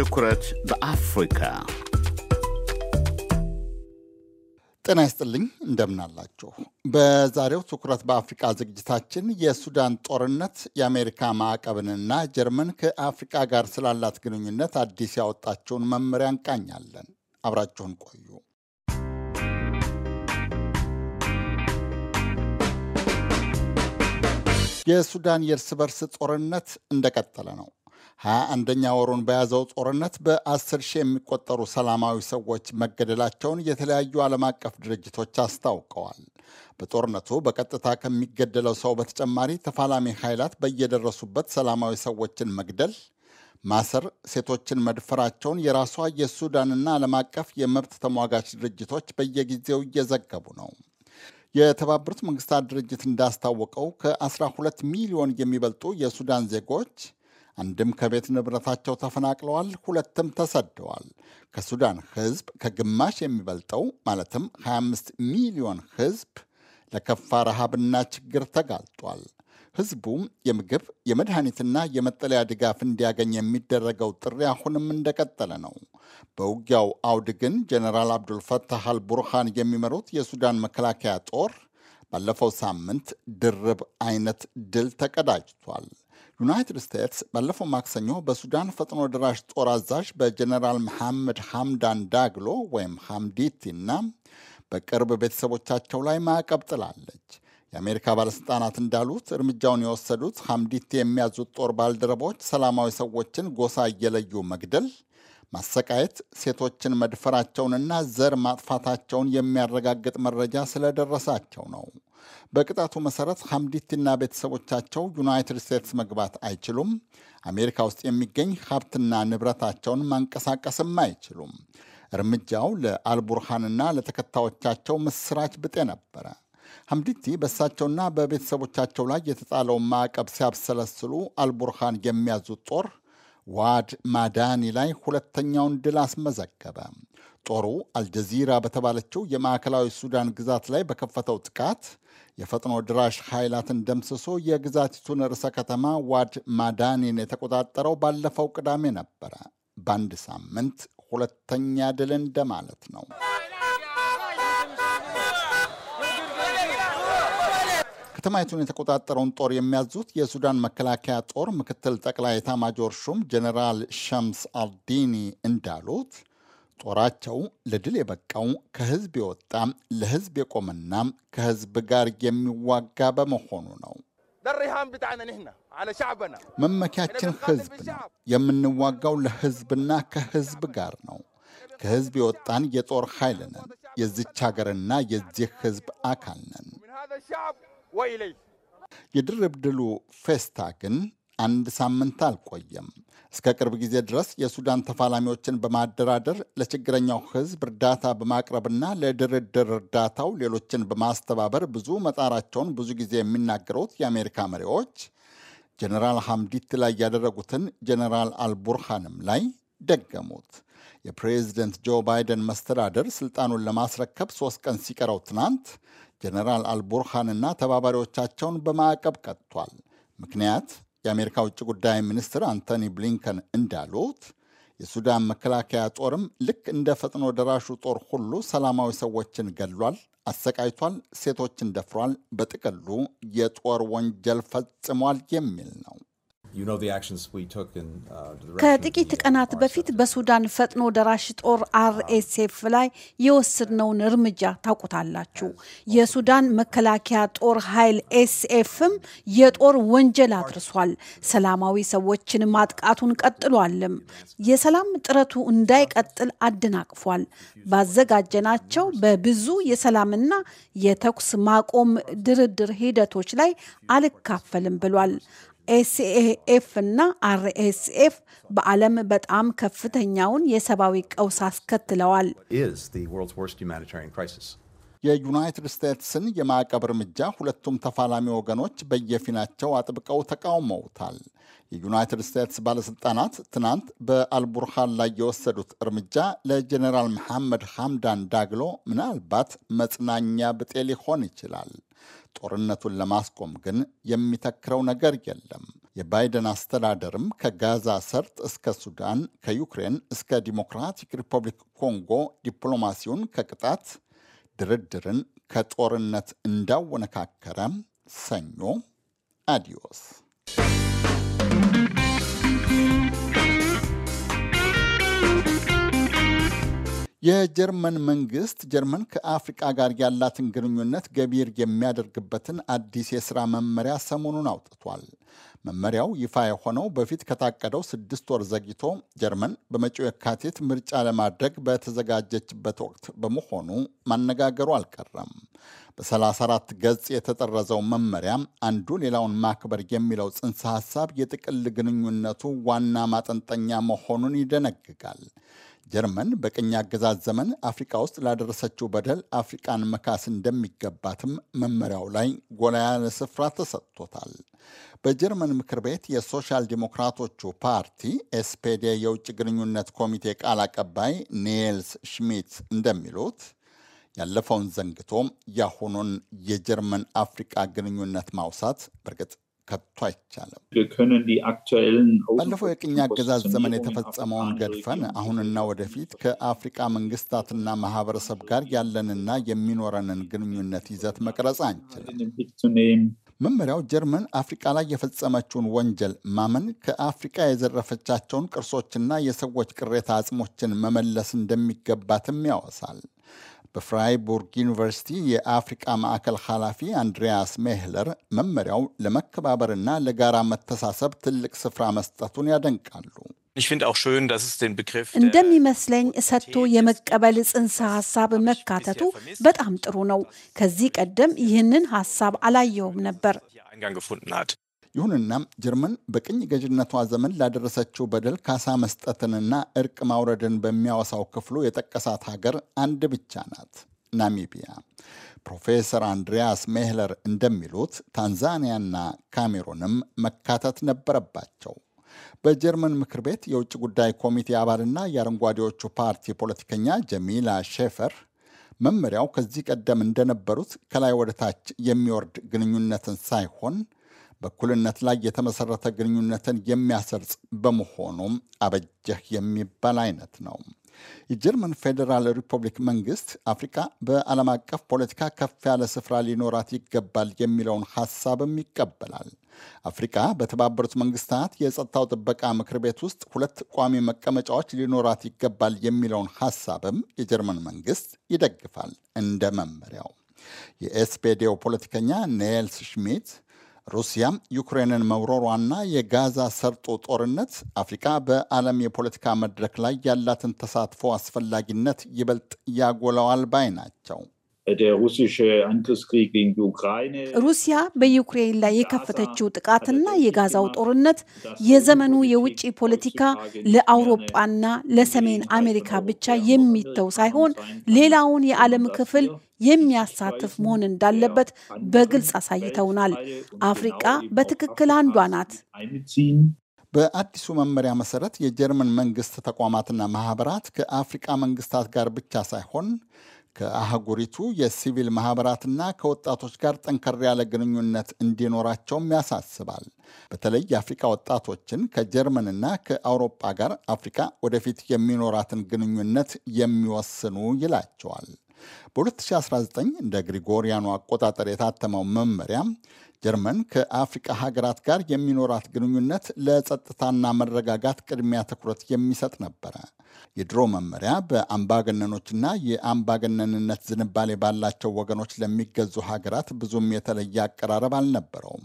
ትኩረት በአፍሪካ ጤና ይስጥልኝ። እንደምናላችሁ። በዛሬው ትኩረት በአፍሪካ ዝግጅታችን የሱዳን ጦርነት፣ የአሜሪካ ማዕቀብንና ጀርመን ከአፍሪካ ጋር ስላላት ግንኙነት አዲስ ያወጣቸውን መመሪያ እንቃኛለን። አብራችሁን ቆዩ። የሱዳን የእርስ በርስ ጦርነት እንደቀጠለ ነው። ሀያ አንደኛ ወሩን በያዘው ጦርነት በአስር ሺህ የሚቆጠሩ ሰላማዊ ሰዎች መገደላቸውን የተለያዩ ዓለም አቀፍ ድርጅቶች አስታውቀዋል። በጦርነቱ በቀጥታ ከሚገደለው ሰው በተጨማሪ ተፋላሚ ኃይላት በየደረሱበት ሰላማዊ ሰዎችን መግደል ማሰር፣ ሴቶችን መድፈራቸውን የራሷ የሱዳንና ዓለም አቀፍ የመብት ተሟጋች ድርጅቶች በየጊዜው እየዘገቡ ነው። የተባበሩት መንግስታት ድርጅት እንዳስታወቀው ከ12 ሚሊዮን የሚበልጡ የሱዳን ዜጎች አንድም ከቤት ንብረታቸው ተፈናቅለዋል፣ ሁለትም ተሰደዋል። ከሱዳን ሕዝብ ከግማሽ የሚበልጠው ማለትም 25 ሚሊዮን ህዝብ ለከፋ ረሃብና ችግር ተጋልጧል። ህዝቡም የምግብ የመድኃኒትና የመጠለያ ድጋፍ እንዲያገኝ የሚደረገው ጥሪ አሁንም እንደቀጠለ ነው። በውጊያው አውድ ግን ጀኔራል አብዱልፈታህ አልቡርሃን የሚመሩት የሱዳን መከላከያ ጦር ባለፈው ሳምንት ድርብ አይነት ድል ተቀዳጅቷል። ዩናይትድ ስቴትስ ባለፈው ማክሰኞ በሱዳን ፈጥኖ ደራሽ ጦር አዛዥ በጀነራል መሐመድ ሐምዳን ዳግሎ ወይም ሐምዲቲ እና በቅርብ ቤተሰቦቻቸው ላይ ማዕቀብ ጥላለች። የአሜሪካ ባለሥልጣናት እንዳሉት እርምጃውን የወሰዱት ሐምዲቲ የሚያዙት ጦር ባልደረቦች ሰላማዊ ሰዎችን ጎሳ እየለዩ መግደል፣ ማሰቃየት፣ ሴቶችን መድፈራቸውንና ዘር ማጥፋታቸውን የሚያረጋግጥ መረጃ ስለደረሳቸው ነው። በቅጣቱ መሰረት ሐምዲቲና ቤተሰቦቻቸው ዩናይትድ ስቴትስ መግባት አይችሉም። አሜሪካ ውስጥ የሚገኝ ሀብትና ንብረታቸውን ማንቀሳቀስም አይችሉም። እርምጃው ለአልቡርሃንና ለተከታዮቻቸው ምስራች ብጤ ነበረ። ሐምዲቲ በእሳቸውና በቤተሰቦቻቸው ላይ የተጣለውን ማዕቀብ ሲያብሰለስሉ አልቡርሃን የሚያዙት ጦር ዋድ ማዳኒ ላይ ሁለተኛውን ድል አስመዘገበ። ጦሩ አልጀዚራ በተባለችው የማዕከላዊ ሱዳን ግዛት ላይ በከፈተው ጥቃት የፈጥኖ ድራሽ ኃይላትን ደምስሶ የግዛቲቱን ርዕሰ ከተማ ዋድ ማዳኒን የተቆጣጠረው ባለፈው ቅዳሜ ነበረ። በአንድ ሳምንት ሁለተኛ ድል እንደማለት ነው። ከተማይቱን የተቆጣጠረውን ጦር የሚያዙት የሱዳን መከላከያ ጦር ምክትል ጠቅላይ ኤታማዦር ሹም ጀኔራል ሸምስ አልዲኒ እንዳሉት ጦራቸው ለድል የበቃው ከህዝብ የወጣ ለህዝብ የቆመና ከህዝብ ጋር የሚዋጋ በመሆኑ ነው። መመኪያችን ህዝብ ነው። የምንዋጋው ለህዝብና ከህዝብ ጋር ነው። ከህዝብ የወጣን የጦር ኃይል ነን። የዚች ሀገርና የዚህ ህዝብ አካል ነን። የድርብ ድሉ ፌስታ ግን አንድ ሳምንት አልቆየም። እስከ ቅርብ ጊዜ ድረስ የሱዳን ተፋላሚዎችን በማደራደር ለችግረኛው ሕዝብ እርዳታ በማቅረብና ለድርድር እርዳታው ሌሎችን በማስተባበር ብዙ መጣራቸውን ብዙ ጊዜ የሚናገሩት የአሜሪካ መሪዎች ጀነራል ሐምዲት ላይ ያደረጉትን ጀነራል አልቡርሃንም ላይ ደገሙት። የፕሬዚደንት ጆ ባይደን መስተዳደር ስልጣኑን ለማስረከብ ሶስት ቀን ሲቀረው ትናንት ጀነራል አልቡርሃንና ተባባሪዎቻቸውን በማዕቀብ ቀጥቷል። ምክንያት የአሜሪካ ውጭ ጉዳይ ሚኒስትር አንቶኒ ብሊንከን እንዳሉት የሱዳን መከላከያ ጦርም ልክ እንደ ፈጥኖ ደራሹ ጦር ሁሉ ሰላማዊ ሰዎችን ገድሏል፣ አሰቃይቷል፣ ሴቶችን ደፍሯል፣ በጥቅሉ የጦር ወንጀል ፈጽሟል የሚል ነው። Uh, ከጥቂት ቀናት በፊት በሱዳን ፈጥኖ ደራሽ ጦር አርኤስኤፍ ላይ የወሰድነውን እርምጃ ታውቁታላችሁ። የሱዳን መከላከያ ጦር ኃይል ኤስኤፍም የጦር ወንጀል አድርሷል። ሰላማዊ ሰዎችን ማጥቃቱን ቀጥሏልም። የሰላም ጥረቱ እንዳይቀጥል አደናቅፏል። ባዘጋጀናቸው በብዙ የሰላምና የተኩስ ማቆም ድርድር ሂደቶች ላይ አልካፈልም ብሏል። ኤስኤኤፍ እና አርኤስኤፍ በዓለም በጣም ከፍተኛውን የሰብአዊ ቀውስ አስከትለዋል። የዩናይትድ ስቴትስን የማዕቀብ እርምጃ ሁለቱም ተፋላሚ ወገኖች በየፊናቸው አጥብቀው ተቃውመውታል። የዩናይትድ ስቴትስ ባለሥልጣናት ትናንት በአልቡርሃን ላይ የወሰዱት እርምጃ ለጀኔራል መሐመድ ሐምዳን ዳግሎ ምናልባት መጽናኛ ብጤ ሊሆን ይችላል። ጦርነቱን ለማስቆም ግን የሚተክረው ነገር የለም። የባይደን አስተዳደርም ከጋዛ ሰርጥ እስከ ሱዳን፣ ከዩክሬን እስከ ዲሞክራቲክ ሪፐብሊክ ኮንጎ ዲፕሎማሲውን ከቅጣት ድርድርን ከጦርነት እንዳወነካከረ ሰኞ አዲዮስ። የጀርመን መንግስት ጀርመን ከአፍሪቃ ጋር ያላትን ግንኙነት ገቢር የሚያደርግበትን አዲስ የሥራ መመሪያ ሰሞኑን አውጥቷል። መመሪያው ይፋ የሆነው በፊት ከታቀደው ስድስት ወር ዘግይቶ ጀርመን በመጪው የካቲት ምርጫ ለማድረግ በተዘጋጀችበት ወቅት በመሆኑ ማነጋገሩ አልቀረም። በ34 ገጽ የተጠረዘው መመሪያ አንዱ ሌላውን ማክበር የሚለው ጽንሰ ሐሳብ የጥቅል ግንኙነቱ ዋና ማጠንጠኛ መሆኑን ይደነግጋል። ጀርመን በቅኝ አገዛዝ ዘመን አፍሪካ ውስጥ ላደረሰችው በደል አፍሪቃን መካስ እንደሚገባትም መመሪያው ላይ ጎላ ያለ ስፍራ ተሰጥቶታል። በጀርመን ምክር ቤት የሶሻል ዲሞክራቶቹ ፓርቲ ኤስፔዴ የውጭ ግንኙነት ኮሚቴ ቃል አቀባይ ኒልስ ሽሚት እንደሚሉት ያለፈውን ዘንግቶ ያሁኑን የጀርመን አፍሪቃ ግንኙነት ማውሳት በእርግጥ ከቶ አይቻልም። ባለፈው የቅኝ አገዛዝ ዘመን የተፈጸመውን ገድፈን አሁንና ወደፊት ከአፍሪቃ መንግስታትና ማህበረሰብ ጋር ያለንና የሚኖረንን ግንኙነት ይዘት መቅረጽ አንችልም። መመሪያው ጀርመን አፍሪቃ ላይ የፈጸመችውን ወንጀል ማመን ከአፍሪቃ የዘረፈቻቸውን ቅርሶችና የሰዎች ቅሬታ አጽሞችን መመለስ እንደሚገባትም ያወሳል። በፍራይቡርግ ዩኒቨርሲቲ የአፍሪቃ ማዕከል ኃላፊ አንድሪያስ ሜህለር መመሪያው ለመከባበርና ለጋራ መተሳሰብ ትልቅ ስፍራ መስጠቱን ያደንቃሉ። ich finde auch schön, dass es den Begriff እንደሚመስለኝ እሰጥቶ የመቀበል ጽንሰ ሀሳብ መካተቱ በጣም ጥሩ ነው። ከዚህ ቀደም ይህንን ሀሳብ አላየውም ነበር። ይሁንና ጀርመን በቅኝ ገዥነቷ ዘመን ላደረሰችው በደል ካሳ መስጠትንና እርቅ ማውረድን በሚያወሳው ክፍሉ የጠቀሳት ሀገር አንድ ብቻ ናት፣ ናሚቢያ። ፕሮፌሰር አንድሪያስ ሜህለር እንደሚሉት ታንዛኒያና ካሜሩንም መካተት ነበረባቸው። በጀርመን ምክር ቤት የውጭ ጉዳይ ኮሚቴ አባልና የአረንጓዴዎቹ ፓርቲ ፖለቲከኛ ጀሚላ ሼፈር መመሪያው ከዚህ ቀደም እንደነበሩት ከላይ ወደ ታች የሚወርድ ግንኙነትን ሳይሆን በእኩልነት ላይ የተመሰረተ ግንኙነትን የሚያሰርጽ በመሆኑም አበጀህ የሚባል አይነት ነው። የጀርመን ፌዴራል ሪፐብሊክ መንግስት አፍሪካ በዓለም አቀፍ ፖለቲካ ከፍ ያለ ስፍራ ሊኖራት ይገባል የሚለውን ሐሳብም ይቀበላል። አፍሪካ በተባበሩት መንግስታት የጸጥታው ጥበቃ ምክር ቤት ውስጥ ሁለት ቋሚ መቀመጫዎች ሊኖራት ይገባል የሚለውን ሐሳብም የጀርመን መንግስት ይደግፋል። እንደ መመሪያው የኤስፔዴው ፖለቲከኛ ኔልስ ሽሚት ሩሲያ ዩክሬንን መውረሯና የጋዛ ሰርጦ ጦርነት አፍሪካ በዓለም የፖለቲካ መድረክ ላይ ያላትን ተሳትፎ አስፈላጊነት ይበልጥ ያጎላዋል ባይ ናቸው። ሩሲያ በዩክሬን ላይ የከፈተችው ጥቃትና የጋዛው ጦርነት የዘመኑ የውጭ ፖለቲካ ለአውሮጳና ለሰሜን አሜሪካ ብቻ የሚተው ሳይሆን ሌላውን የዓለም ክፍል የሚያሳትፍ መሆን እንዳለበት በግልጽ አሳይተውናል። አፍሪቃ በትክክል አንዷ ናት። በአዲሱ መመሪያ መሰረት የጀርመን መንግስት ተቋማትና ማህበራት ከአፍሪቃ መንግስታት ጋር ብቻ ሳይሆን ከአህጉሪቱ የሲቪል ማህበራትና ከወጣቶች ጋር ጠንከር ያለ ግንኙነት እንዲኖራቸውም ያሳስባል። በተለይ የአፍሪካ ወጣቶችን ከጀርመንና ከአውሮፓ ጋር አፍሪካ ወደፊት የሚኖራትን ግንኙነት የሚወስኑ ይላቸዋል። በ2019 እንደ ግሪጎሪያኑ አቆጣጠር የታተመው መመሪያ ጀርመን ከአፍሪቃ ሀገራት ጋር የሚኖራት ግንኙነት ለጸጥታና መረጋጋት ቅድሚያ ትኩረት የሚሰጥ ነበረ። የድሮ መመሪያ በአምባገነኖችና የአምባገነንነት ዝንባሌ ባላቸው ወገኖች ለሚገዙ ሀገራት ብዙም የተለየ አቀራረብ አልነበረውም።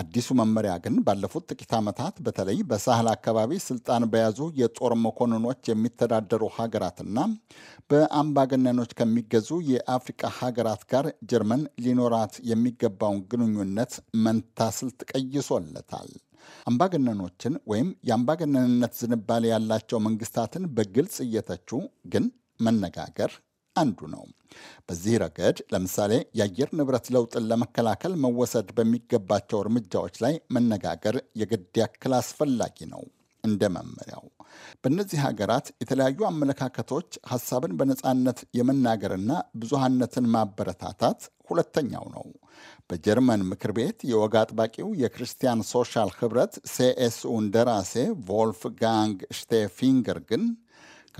አዲሱ መመሪያ ግን ባለፉት ጥቂት ዓመታት በተለይ በሳህል አካባቢ ስልጣን በያዙ የጦር መኮንኖች የሚተዳደሩ ሀገራትና በአምባገነኖች ከሚገዙ የአፍሪቃ ሀገራት ጋር ጀርመን ሊኖራት የሚገባውን ግንኙነት መንታ ስልት ቀይሶለታል። አምባገነኖችን ወይም የአምባገነንነት ዝንባሌ ያላቸው መንግስታትን በግልጽ እየተቹ ግን መነጋገር አንዱ ነው። በዚህ ረገድ ለምሳሌ የአየር ንብረት ለውጥን ለመከላከል መወሰድ በሚገባቸው እርምጃዎች ላይ መነጋገር የግድ ያክል አስፈላጊ ነው። እንደ መመሪያው በእነዚህ ሀገራት የተለያዩ አመለካከቶች፣ ሀሳብን በነፃነት የመናገርና ብዙሃነትን ማበረታታት ሁለተኛው ነው። በጀርመን ምክር ቤት የወግ አጥባቂው የክርስቲያን ሶሻል ህብረት ሲኤስኡ እንደራሴ ቮልፍ ጋንግ ሽቴፊንገር ግን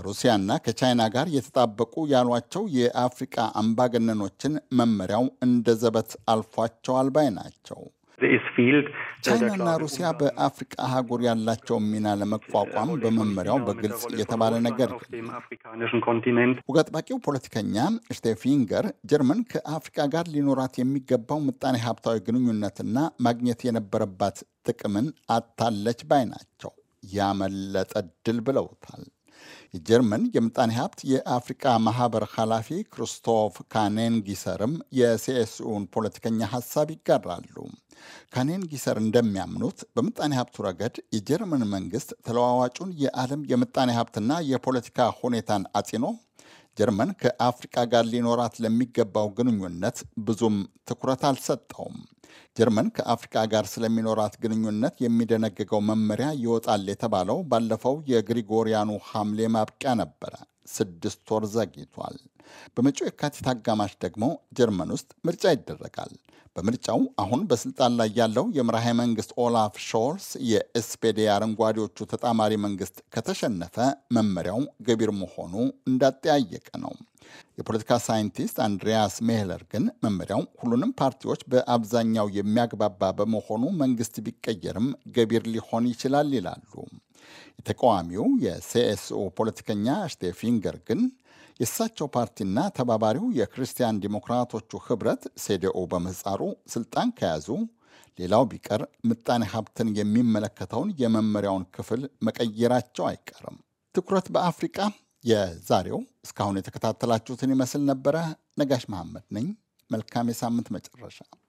ከሩሲያና ከቻይና ጋር የተጣበቁ ያሏቸው የአፍሪቃ አምባገነኖችን መመሪያው እንደ ዘበት አልፏቸዋል ባይ ናቸው። ቻይናና ሩሲያ በአፍሪቃ አህጉር ያላቸውን ሚና ለመቋቋም በመመሪያው በግልጽ የተባለ ነገር ወግ ፖለቲከኛ ሽቴፊንገር ጀርመን ከአፍሪቃ ጋር ሊኖራት የሚገባው ምጣኔ ሀብታዊ ግንኙነትና ማግኘት የነበረባት ጥቅምን አታለች ባይ ናቸው። ያመለጠ ድል ብለውታል። የጀርመን የምጣኔ ሀብት የአፍሪቃ ማህበር ኃላፊ ክርስቶፍ ካኔንጊሰርም የሲኤስኡን ፖለቲከኛ ሀሳብ ይጋራሉ። ካኔንጊሰር እንደሚያምኑት በምጣኔ ሀብቱ ረገድ የጀርመን መንግስት ተለዋዋጩን የዓለም የምጣኔ ሀብትና የፖለቲካ ሁኔታን አጽኖ ጀርመን ከአፍሪቃ ጋር ሊኖራት ለሚገባው ግንኙነት ብዙም ትኩረት አልሰጠውም። ጀርመን ከአፍሪካ ጋር ስለሚኖራት ግንኙነት የሚደነግገው መመሪያ ይወጣል የተባለው ባለፈው የግሪጎሪያኑ ሐምሌ ማብቂያ ነበረ። ስድስት ወር ዘግይቷል። በመጪው የካቲት አጋማሽ ደግሞ ጀርመን ውስጥ ምርጫ ይደረጋል። በምርጫው አሁን በስልጣን ላይ ያለው የምርሃ መንግስት ኦላፍ ሾልስ የኤስፔዴ አረንጓዴዎቹ ተጣማሪ መንግስት ከተሸነፈ መመሪያው ገቢር መሆኑ እንዳጠያየቀ ነው። የፖለቲካ ሳይንቲስት አንድሪያስ ሜህለር ግን መመሪያው ሁሉንም ፓርቲዎች በአብዛኛው የሚያግባባ በመሆኑ መንግስት ቢቀየርም ገቢር ሊሆን ይችላል ይላሉ። የተቃዋሚው የሲኤስኦ ፖለቲከኛ ሽቴፊንገር ግን የእሳቸው ፓርቲና ተባባሪው የክርስቲያን ዲሞክራቶቹ ህብረት ሴዲኦ በምህፃሩ ስልጣን ከያዙ ሌላው ቢቀር ምጣኔ ሀብትን የሚመለከተውን የመመሪያውን ክፍል መቀየራቸው አይቀርም። ትኩረት በአፍሪቃ የዛሬው እስካሁን የተከታተላችሁትን ይመስል ነበረ። ነጋሽ መሐመድ ነኝ። መልካም የሳምንት መጨረሻ